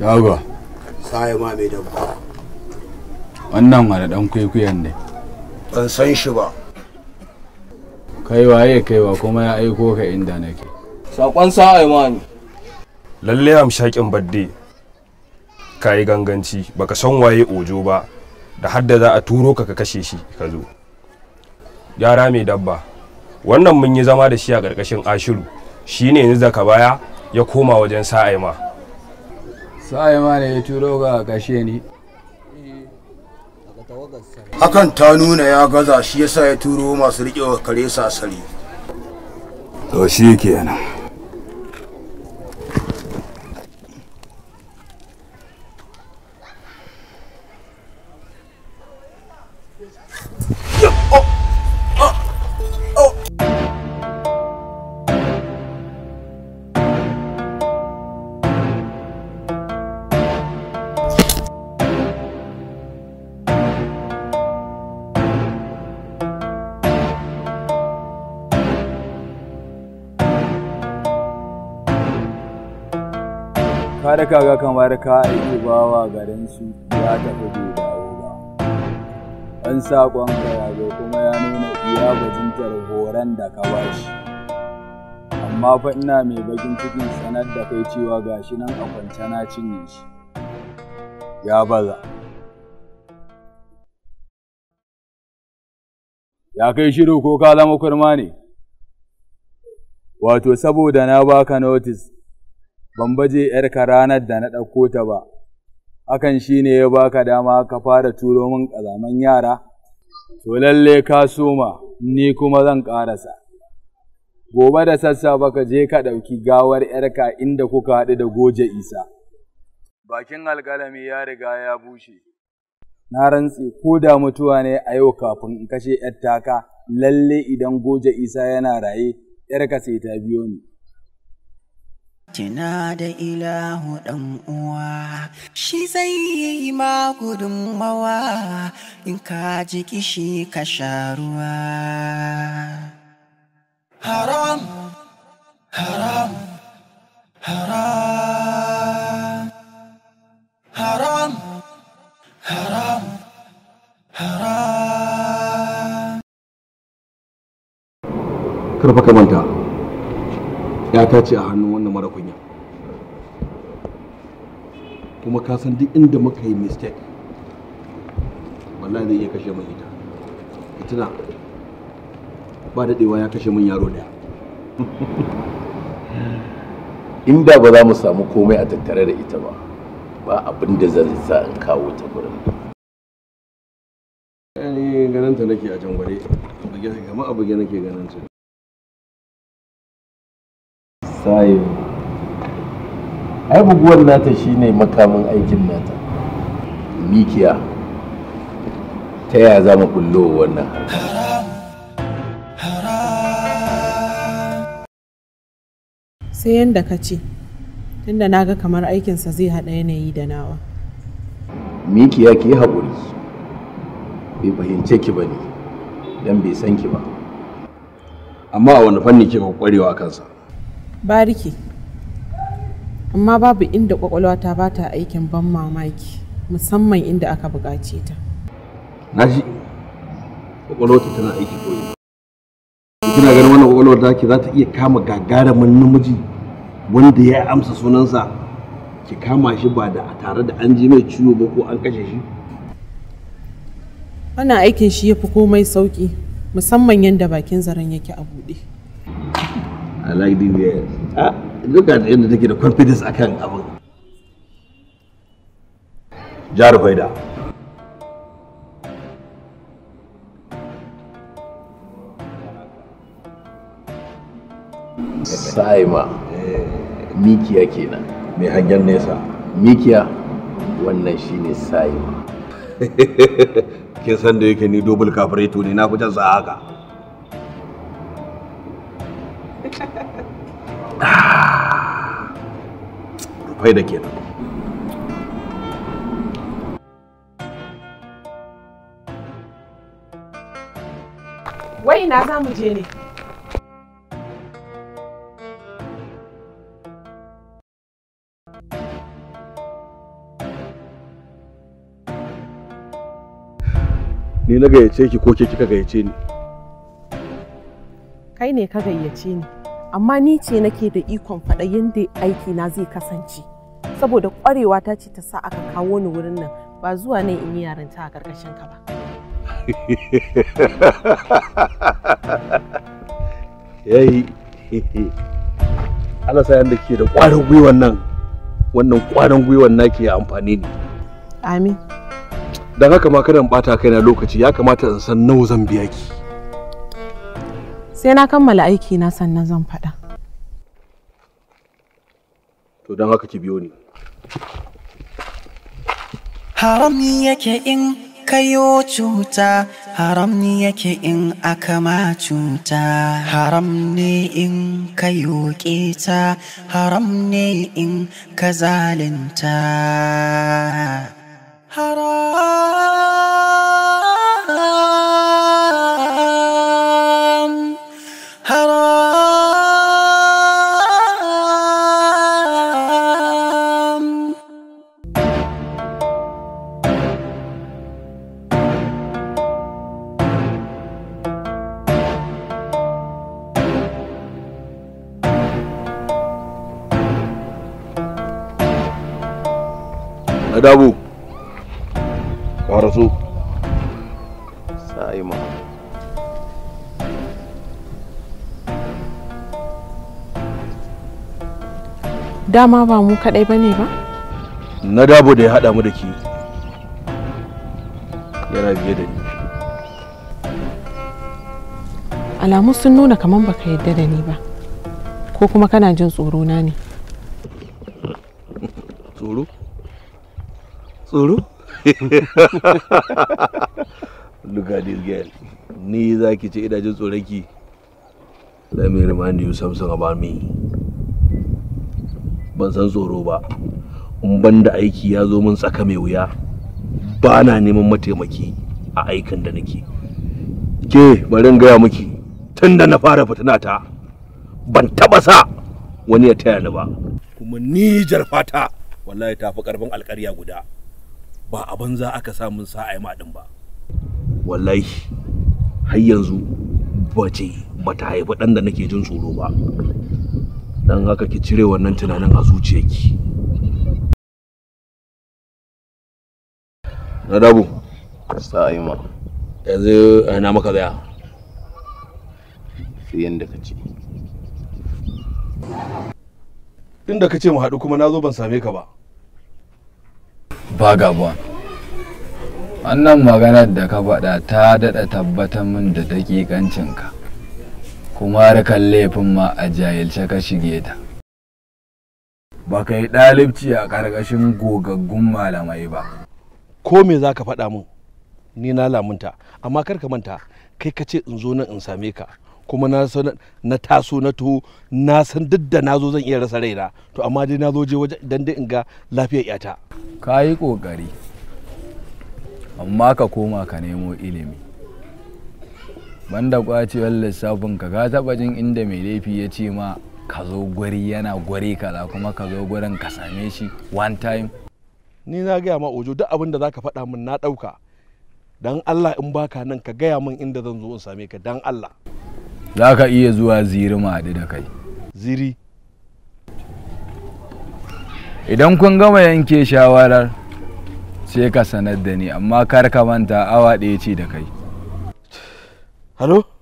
Yago. Saye ma mai dabba. Wannan wani ɗan kwaikwayon ne. Ban san shi ba. Kai waye kaiwa kuma ya aiko ka inda nake. Saƙon sa'ai ma ne. Lalle amshaƙin badde. Ka yi ganganci baka san waye ojo ba da hadda za a turo ka ka kashe shi ka zo. Yara mai dabba. wannan mun yi zama da shi a ƙarƙashin ashiru shi ne yanzu daga baya ya koma wajen sa'aima sa'aima ne ya turo ga kashe ni hakan ta nuna ya gaza shi yasa ya turo masu riƙe wa kare sasari to shi kenan Oh! kada ga kamar ka yi bawa garin su ya tafi bai dawo ba an sakon ka ya kuma ya nuna iya bajintar horon da ka bashi amma fa ina mai bakin cikin sanar da kai cewa gashi nan a kwance na cinye shi ya baza ya kai shiru ko ka zama kurma ne wato saboda na baka notice ban baje ‘yarka ranar da na ɗauko ta ba, hakan shi ne ya baka dama ka fara turo min ƙazaman yara, to lalle ka soma ni kuma zan ƙarasa. Gobe da sassa ka je ka ɗauki gawar ‘yarka inda kuka haɗu da goje isa. Bakin alƙalami ya riga ya bushe. Na rantse ko da mutuwa ne a yau kafin in kashe ‘yar taka, lalle idan goje isa yana raye, ‘yarka sai ta biyo ni. Tina da ilahu ɗan uwa, shi zai yi ma mawa, in ka ji kishi ka sha ruwa. Haram, haram, haram, haram, haram, haram. Karfa ka manta. ya ta ce a hannun wannan mara kunya kuma ka san duk inda muka yi mistake wallahi zai iya kashe mun ita fitina ba daɗewa ya kashe mun yaro daya inda ba za mu samu komai a tattare da ita ba ba abin da zan sa in kawo ta gurin ganin ta nake a can gwade a buge nake ganin ta sayo ai buguwar nata shine makamin aikin nata mikiya ta yaya za mu bullo wannan sai yadda ka ce tunda na ga kamar aikinsa zai haɗa yanayi da nawa mikiya ki yi haƙuri bai fahimce ki ba ne don bai san ki ba amma a wani fanni ke kwarewa kansa bariki amma babu inda kwakwalwata ba ta aikin ban mamaki musamman inda aka buƙace ta na shi kwakwalwata tana aiki koyi kina ganin wannan kwakwalwar da ke za ta iya kama gagarumin namiji wanda ya amsa sunansa ki kama shi ba da tare da an ji mai ciwo ba ko an kashe shi wannan aikin shi ya fi komai sauki musamman yadda bakin zaren yake a buɗe I like the way. Ah, look at yadda take da confidence akan abin. Jaru Faida. Saima. Eh, Mikiya kenan. Mai hangen nesa. Mikiya wannan shine Saima. Kin san da yake ni double carburetor ne na fi haka. wai ina za ne ni na gayyace ki ko ke kika gayyace ni kai ne ka gayyace ni amma ni ce nake da ikon faɗa yadda aiki na zai kasance saboda kwarewa ta ce ta sa aka kawo ni wurin nan ba zuwa nan in yi yaranta a karkashin ka ba yayi Allah sa yanda ke da kwarin gwiwan nan wannan kwarin gwiwan nake ya amfani ne amin don haka ma kada in bata na lokaci ya kamata in san nawa zan biya ki sai na kammala aiki na sannan zan faɗa to don haka ki biyo ni haram ni yake in kayo cuta haram ni yake in aka ma cuta haram ne in kayo keta haram ne in ka zalinta haram na dabo ƙwara so sa'i ma dama ba mu kaɗai ba ne ba na dabo da ya haɗa mu da ke yana biye da ni alamu sun nuna kamar baka yadda da ni ba ko kuma kana jin tsoro na ne tsoro look at this girl ni za ki ce ina jin tsoron ki let me remind you something about me ban san tsoro ba in ban da aiki ya zo min tsaka mai wuya ba na neman mataimaki a aikin da nake ke bari in gaya miki tun da na fara fitina ta ban taba sa wani ya taya ni ba kuma ni jarfata wallahi ta fi karfin alkarya guda ba a banza aka sa sa'a ma din ba wallahi har yanzu bace bata haifi dan da nake jin tsoro ba dan haka ki cire wannan tunanin a zuciyarki na dabu ma. yanzu eh, na maka zaya sai yanda ka ce inda ka ce mu haɗu kuma na zo ban same ka ba vagabond wannan maganar da ka faɗa ta daɗa tabbatar min da ka kuma harkan laifin ma a jahilce ka shige ta ba ka yi ɗalibci a ƙarƙashin gogaggun malamai ba ko me za ka faɗa min ni na lamunta amma kar ka manta kai ka ce in zo nan in same ka kuma na san na taso na taho na san duk da nazo zan iya rasa raina to amma dai nazo je waje dan dai in ga lafiyar yata ka kokari amma ka koma ka nemo ilimi banda kwacewar lissafin ka ka taba jin inda mai laifi ya ce ma ka zo gwari yana gwari kaza kuma ka zo gwarin ka same shi one time ni na gaya ma ojo duk abin da zaka faɗa min na ɗauka dan Allah in baka nan ka gaya min inda zan zo in same ka dan Allah za ka iya zuwa ziri mu haɗu da kai ziri idan kun gama yanke shawarar sai ka sanar da ni amma kar ka manta awa ɗaya ce da kai halo